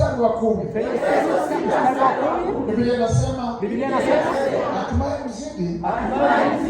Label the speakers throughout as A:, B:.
A: mstari wa kumi Biblia inasema hatimaye mzidi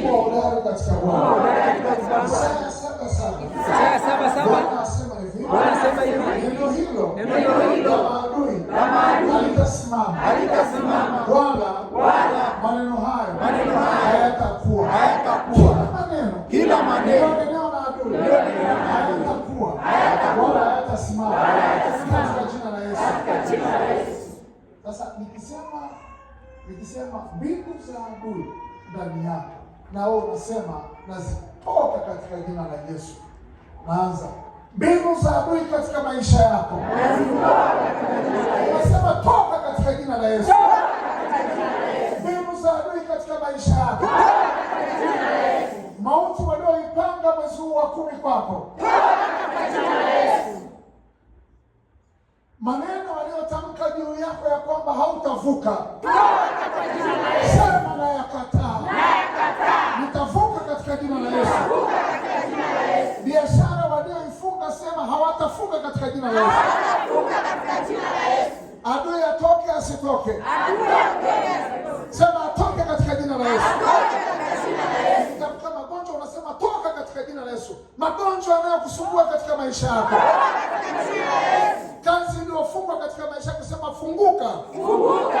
A: kuwa hodari katika
B: Bwana.
A: saba saba ikisema mbingu za adui ndani yako, na wewe unasema nazitoka katika jina la Yesu. Naanza mbingu za adui katika maisha yako, unasema toka katika jina la Yesu. Mbingu za adui katika maisha yako, mauti walioipanga mwezi huu wa kumi kwako maneno waliotamka juu yako ya kwamba hautavuka hawatafunga katika jina la Yesu.
B: Hawatafunga katika jina la Yesu.
A: Adui atoke asitoke. Adui
B: atoke asitoke.
A: Sema atoke katika jina la Yesu.
B: Atoke katika jina la
A: Yesu. Kama magonjwa unasema toka katika jina la Yesu. Magonjwa yanayokusumbua katika maisha yako.
B: Katika jina la Yesu.
A: Kazi iliyofungwa katika maisha yako sema funguka.
B: Funguka.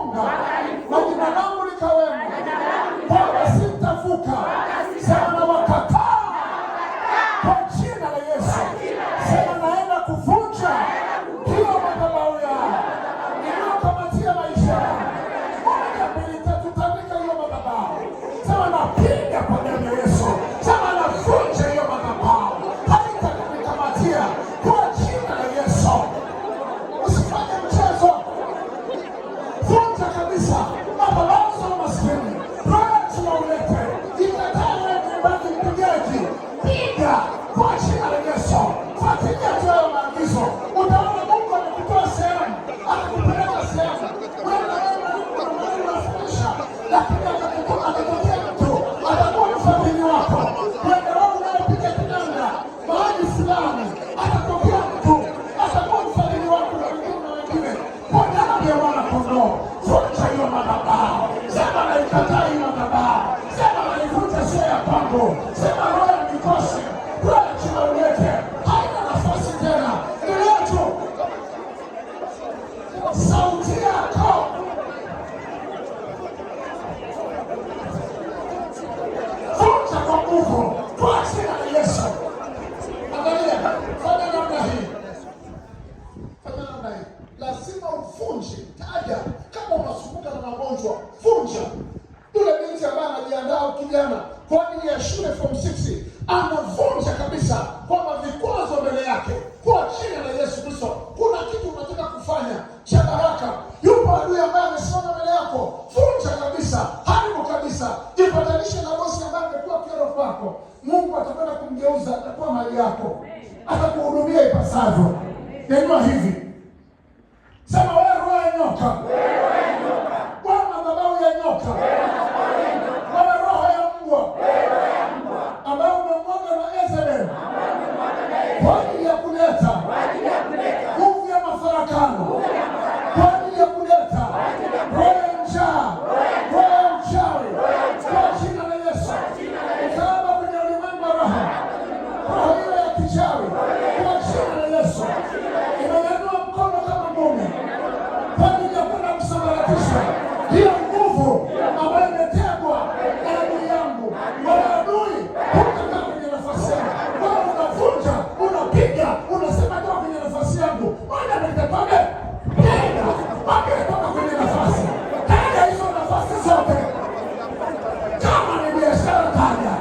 A: ikose wewe kimaoni yake haina nafasi tena. Niletu sauti yako vuta kwa nguvu kwa jina la Yesu. Angalia, fanya namna hii, fanya namna hii, lazima uvunje. Taja kama unasumbuka na magonjwa kukugeuza kuwa mali yako, atakuhudumia ipasavyo. Neno hivi vitória.